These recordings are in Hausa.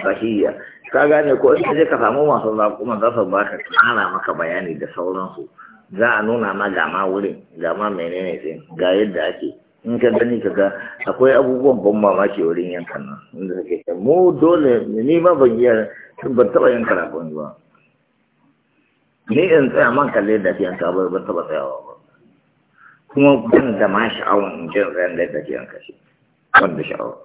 bahiyya ka gane ko in je ka samu masu zakuma za su baka kana maka bayani da sauransu za a nuna ma gama wurin gama menene sai ga yadda ake in ka gani ka ga akwai abubuwan ban mamaki wurin yankan nan inda kake mu dole ni ma ban iya ban taba yin ragon ba ni in tsaya man kalle da ke yanka ba ban taba tsayawa ba kuma ban da ma sha'awan in ji ran da ke yanka shi ban da sha'awa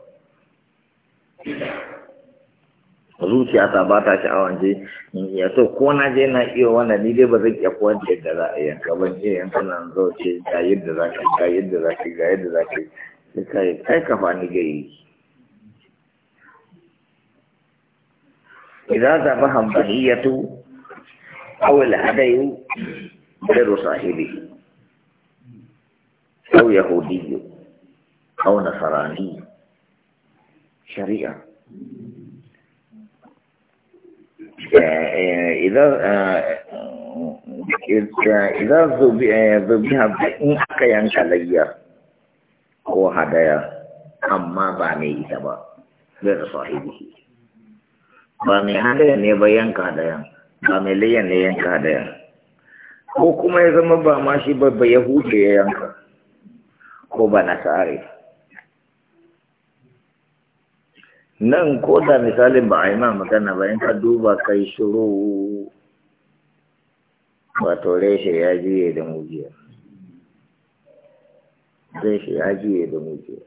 zuciya ta ba ta sha'awan je in so ko na je na iya wannan ni dai ba zan iya koyar da yadda za a yanka ban iya yanka nan zo ce ga yadda za ka ga yadda za ka ga yadda za ka sai kai kai ka fa ni gai idan da ba hambaniyatu aw al hadayu daru sahibi aw yahudiyyu aw nasrani shari'a idan zubi haɗe in aka yanka layyar ko hadaya amma ba mai ita ba zai da sahibi ba mai hadaya ne ba yanka hadaya ba mai layyar ne yanka hadaya ko kuma ya zama ba ma shi ba ba yahudu ya yanka ko ba na tsari nan ko da misalin ba a yi ma magana ba in ka duba kai shiru wato reshe ya jiye da mujiya reshe ya jiye da mujiya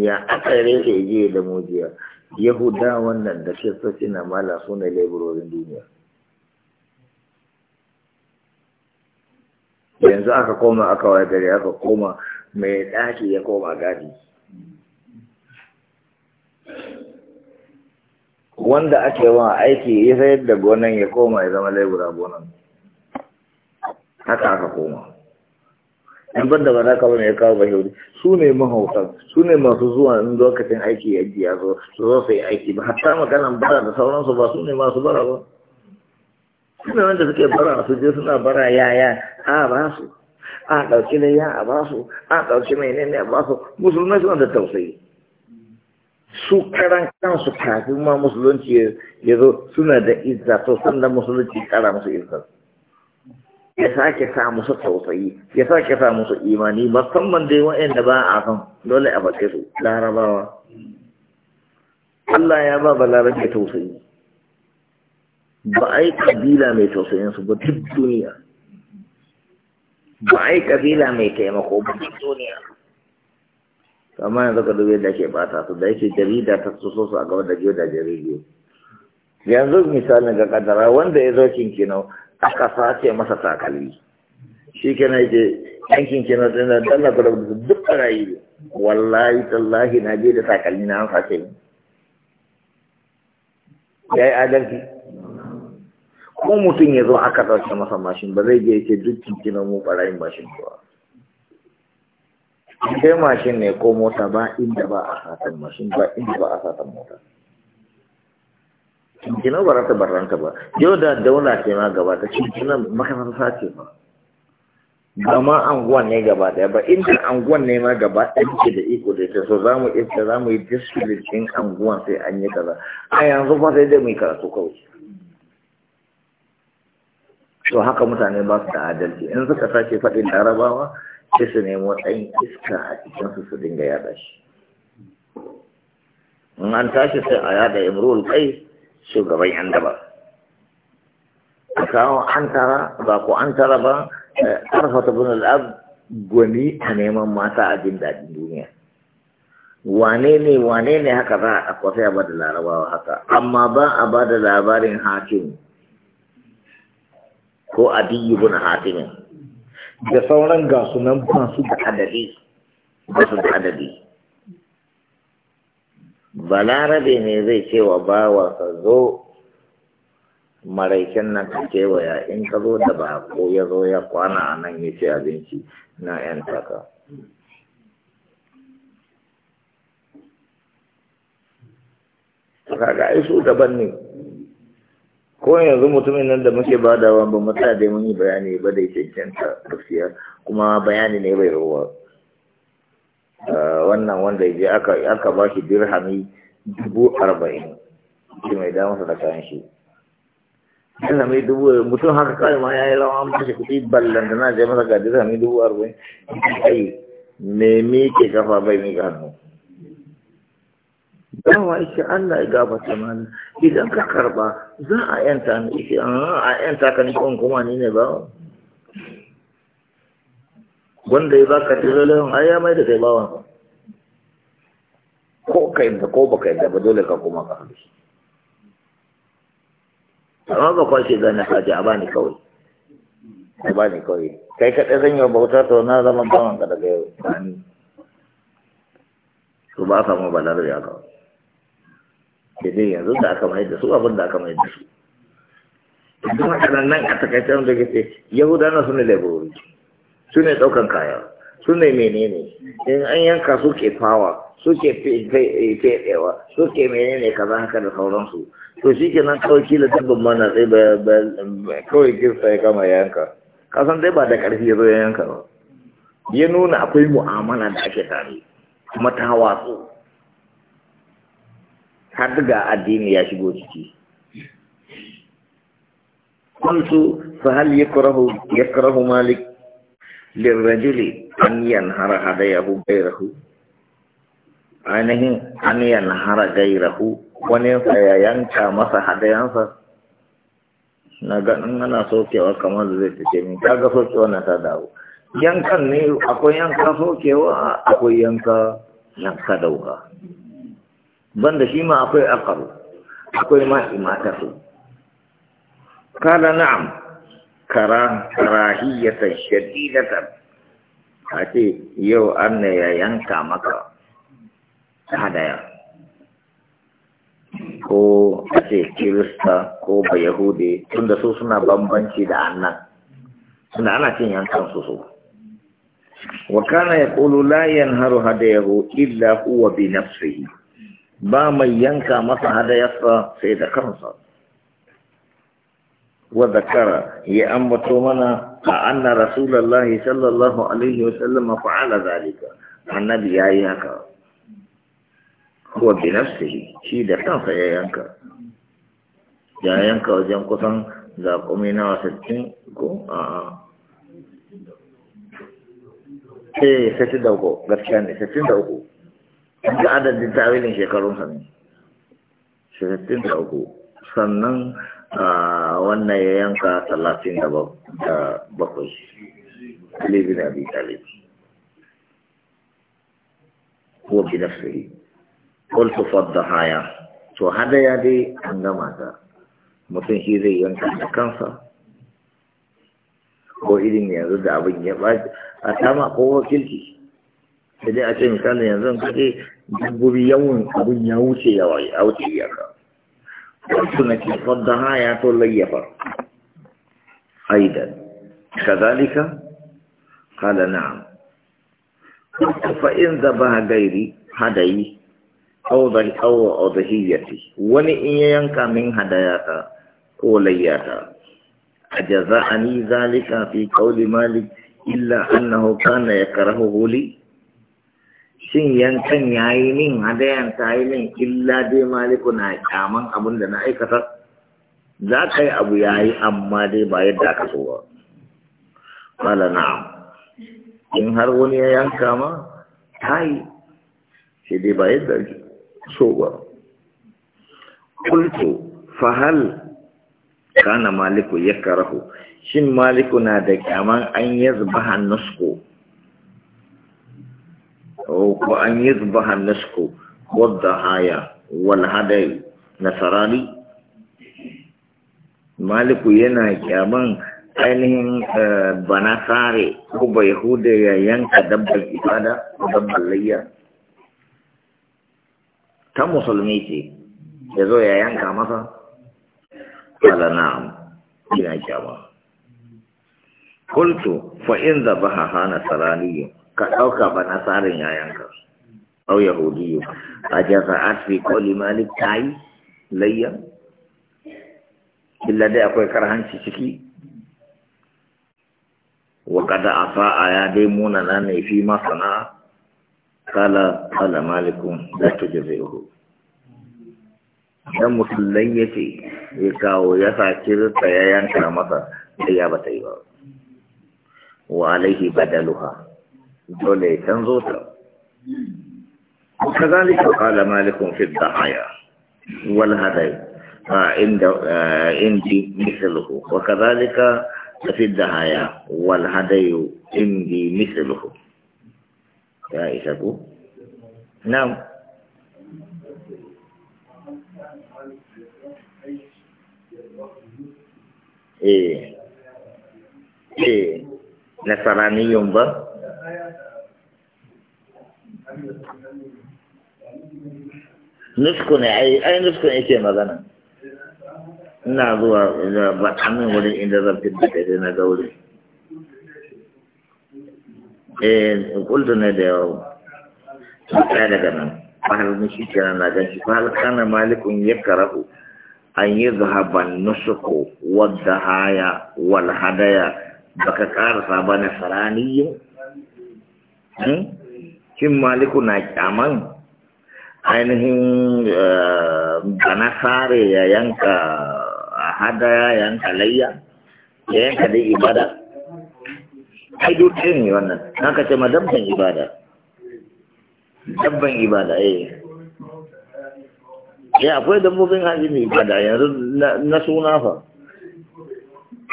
ya aka reshe ya jiye da mujiya yahuda wannan da kiristoci na mala su ne laborin duniya yanzu aka koma aka waye gari aka koma mai ɗaki ya koma gadi wanda ake wa aiki ya sayar da gonan ya koma ya zama laibura gonan haka aka koma in ban da ba za ka ya kawo ba shauri su ne mahautan su ne masu zuwa in lokacin aiki ya biya zo su zo su yi aiki ba hatta maganan bara da sauransu ba su ne masu bara ba su ne wanda suke bara su je suna bara yaya a ba su a ɗauki ne ya a ba su a ɗauki mai ne ne a ba su musulmai suna da tausayi su karan kansu kafin ma musulunci ya zo suna da izza to da musulunci kara musu izza ya sake sa musu tausayi ya sake sa musu imani musamman dai wa'anda ba a san dole a bace su larabawa Allah ya ba balarabe tausayi ba a yi kabila mai tausayin su ba duk duniya ba a yi kabila mai taimako ba duk duniya amma yanzu ka dubi yadda ake bata su da yake jarida ta so su a gaba da jiyo da jaridiyo yanzu misalin ga kadara wanda ya zo kinkino aka sace masa takalmi shi na je yan kinkino din da dalla ku da duk rayi wallahi tallahi na je da takalmi na an sace ni yi adalci ko mutum ya zo aka ɗauke masa mashin ba zai je ya ce duk kinkino mu barayin mashin ba dai mashin ne ko mota ba inda ba a satan mashin ba inda ba a satan mota cinkina ba ta barranta ba yau da daula ce ma gaba ta cinkina makaranta ce ba Gama ma anguwan ne gaba daya ba inda anguwan ne ma gaba ɗaya ke da iko da ita so za mu ita za mu yi diskilitin anguwan sai an yi kaza a yanzu fa sai dai mu yi karatu kawai to haka mutane ba su da adalci in suka sake faɗin larabawa sai su nemo ɗan iska a cikinsu su dinga yaɗa shi in an tashi sai a yaɗa imrul kai shugaban yan daba a kawo an tara ba ko an tara ba eh, arfata bin al'ab gwani a neman mata a jin daɗin duniya wane ne wane ne haka za a kwafi a bada larabawa haka amma ba a bada labarin hakim ko adiyu bin hakimin da sauran ga sunan ba su da adadi ba su da adadi balarabe ne zai ce wa bawa ka zo maraikin nan ka wa in ka zo da bako ya zo ya kwana a nan ya ce abinci na 'yan taka kaga ai daban ne ko yanzu mutumin nan da muke badawa ba mu tsaya dai mun yi bayani ba da cancanta gaskiya kuma bayani ne bai ruwa ah, wannan wanda ya je aka ba shi dirhami dubu arba'in shi mai da masa da kayan shi dirhami dubu mutum haka kawai ma ya yi rawa an bashi kuɗi ballan da na je masa ga dirhami dubu arba'in ai me mike kafa bai mika hannu dawa ishe Allah ya gabata mana idan ka karba za a yanta ni ishe ah, a yanta ka ni kon kuma ni ne ba wanda ya baka tilalin a ya mai da kai bawan ko kai da ko baka da ba dole ka kuma ka haɗu amma ba kwashe na haji a bani kawai a bani kawai kai kaɗai zan yi bauta to na zama bawan ka daga yau ba ni to ba samu balar ya kawai da dai yanzu da aka mai da su abin da aka mai da su duk hakanan nan a takaicen da gaske yahudawa su ne laborori su ne ɗaukan kaya su ne menene in an yanka su ke fawa su ke fedewa su ke menene kaza haka da sauransu to shi ke nan kawai kila dabban mana sai kawai kirsa ya kama yanka kasan dai ba da ƙarfi ya zo ya yanka ba ya nuna akwai mu'amala da ake tare kuma ta watsu har ga addini ya shigo ciki kuntu fa hal yakrahu yakrahu malik lirrajuli an yanhara hadayahu gairahu ainihin an yanhara gairahu wani ya yanka masa hadayansa na ganin ana sokewa kamar da zai fice min kaga sokewa na ta dawo yankan ne akwai yanka sokewa akwai yanka yanka dauka banda shi ma akwai akaru akwai ma imata su kala na'am kara rahiyata shadidatan a ce yau an ya yanka maka hadaya ko a ce kirista ko ba yahudi tunda su suna bambanci da annan Suna ana cin yankan su su wa kana yaqulu la yanharu hadayahu illa huwa bi nafsihi ba mai yanka masa hadayarsa sai da kansa وذكر يأمت منا أن رسول الله صلى الله عليه وسلم فعل ذلك النبي ya هو بنفسه شيدة تنفى يأيانك يأيانك وجم قصن ذاك أمينا وستين كو آه إيه ستين دوكو غرشاني ستين uku. da adadin tawilin shekarunsa ne shekatun da uku sannan wannan ya yanka talatin da bakwai libin abi talib ko bi nafsihi qul haya. to hadaya dai an gama ta mutum shi zai yanka da kansa ko irin yanzu da abin ya ba a tama ko wakilki. sai dai a ce misali yanzu kaje dabbobi yawan abin ya wuce yawa ya wuce iyaka wasu na ce faddaha ya to layyafa aidan kazalika kala na'am فإن ذبح غيري هدي أو ضحي أو أضحيتي وني إن ينكا من هداياتا كولياتا أجزاءني ذلك في قول مالك إلا أنه كان يكرهه لي shin yankan ya yi min hadayan ta yi min illa dai maliku na kyaman abin da na aikata za ka yi abu ya yi amma dai ba yadda aka so ba kala na. in har wani ya yanka ma ta yi shi dai ba yadda so ba kulto fahal kana maliku ya karahu shin maliku na da kyaman an yi zuba ko an وأن يذبح النسك والضحايا والهدي nasarari. maliku Yana kyaman ainihin banasare ko ba yahuda ya yanka dabbar ibada ko dabbar layya ta musulmi ce ya zo ya yanka masa kala na'am yana kyaman kultu fa in zabaha nasarari saraniyin ka ɗauka ba na tsarin yayanka au yahudiyu a jaza'at fi qawli malik yi layya illa dai akwai karhanci ciki wa kada a ya dai munana ne fi masana kala kala malikun la tujzihu dan musulmai ce. ya kawo ya sa kirta ya yanka masa sai ya batai ba wa alaihi badaluha دولي ya وكذلك قال مالك في الضحايا والهدي آه، عند آه، عندي مثله وكذلك في الضحايا والهدي عندي مثله يا أبو نعم إيه إيه نصراني يوم ne, ai ai ne ke magana ina zuwa ba kamin wurin inda zan da kai na ga wurin eh kultu ne da yawa ta daga nan fahal mishi kenan na gan shi fahal kana malikun ya karahu an yi zahaban nusuku wadda haya wal hadaya baka karasa ba na saraniyin Hmm? shin maliku na kyaman ainihin eh, banasare ya yanka hadaya yanka layya ya yanka dai ibada ai duk ɗin ne wannan na ka ma dabban ibada dabban ibada eh ya eh, akwai dabbobin haji ne ibada yanzu na suna fa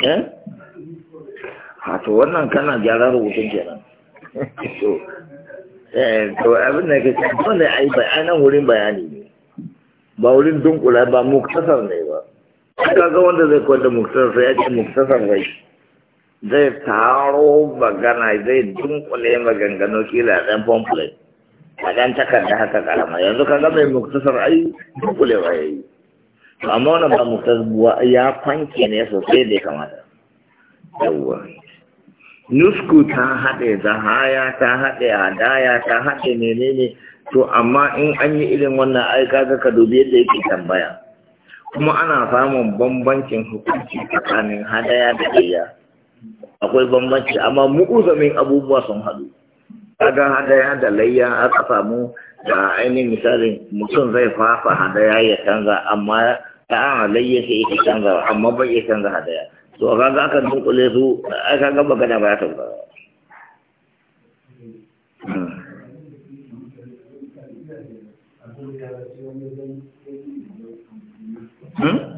eh Hato wannan kana gyara rubutun kenan Eh, to abin da ke kafin da ai bayanan wurin bayani ne ba wurin dunkula ba muktasar ne ba kaga wanda zai kwanta muktasar sai ya ce muktasar rai zai taro magana zai dunkule maganganu kila dan pamphlet a dan takarda haka karama yanzu kaga mai muktasar ai dunkule ba yayi amma wannan ba muktasar ya kwanke ne sosai da ya kamata yawwa nusku ta haɗe zahaya ta haɗe adaya, ta haɗe menene to amma in an yi irin wannan ai ga ka dubi yadda yake tambaya kuma ana samun bambancin hukunci tsakanin hadaya da iya akwai bambanci amma min abubuwa sun haɗu kaga hadaya da layya aka samu da ainihin misalin mutum zai fafa hadaya ya canza amma ta layya sai yake canza amma bai iya canza hadaya to kaga aka dunkule su ai kaga magana ba ya tauka hmm?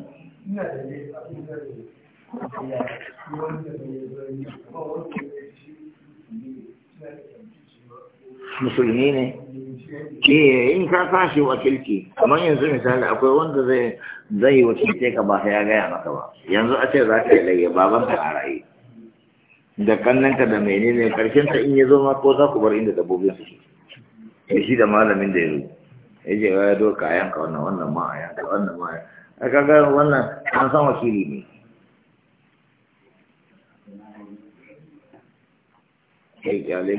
musulmi ne eh in ka tashi wakilci kamar yanzu misali akwai wanda zai zai wakilce ka ba sai ya gaya maka ba yanzu a ce za ka yi layya baban ka a raye da kannanka da menene karshen ta in ya zo ma ko za ku bar inda dabbobin su ke shi da malamin da ya zo ya ce ya doka a yanka wannan wannan ma a yanka wannan ma a kaga wannan an san wakili ne kai kyale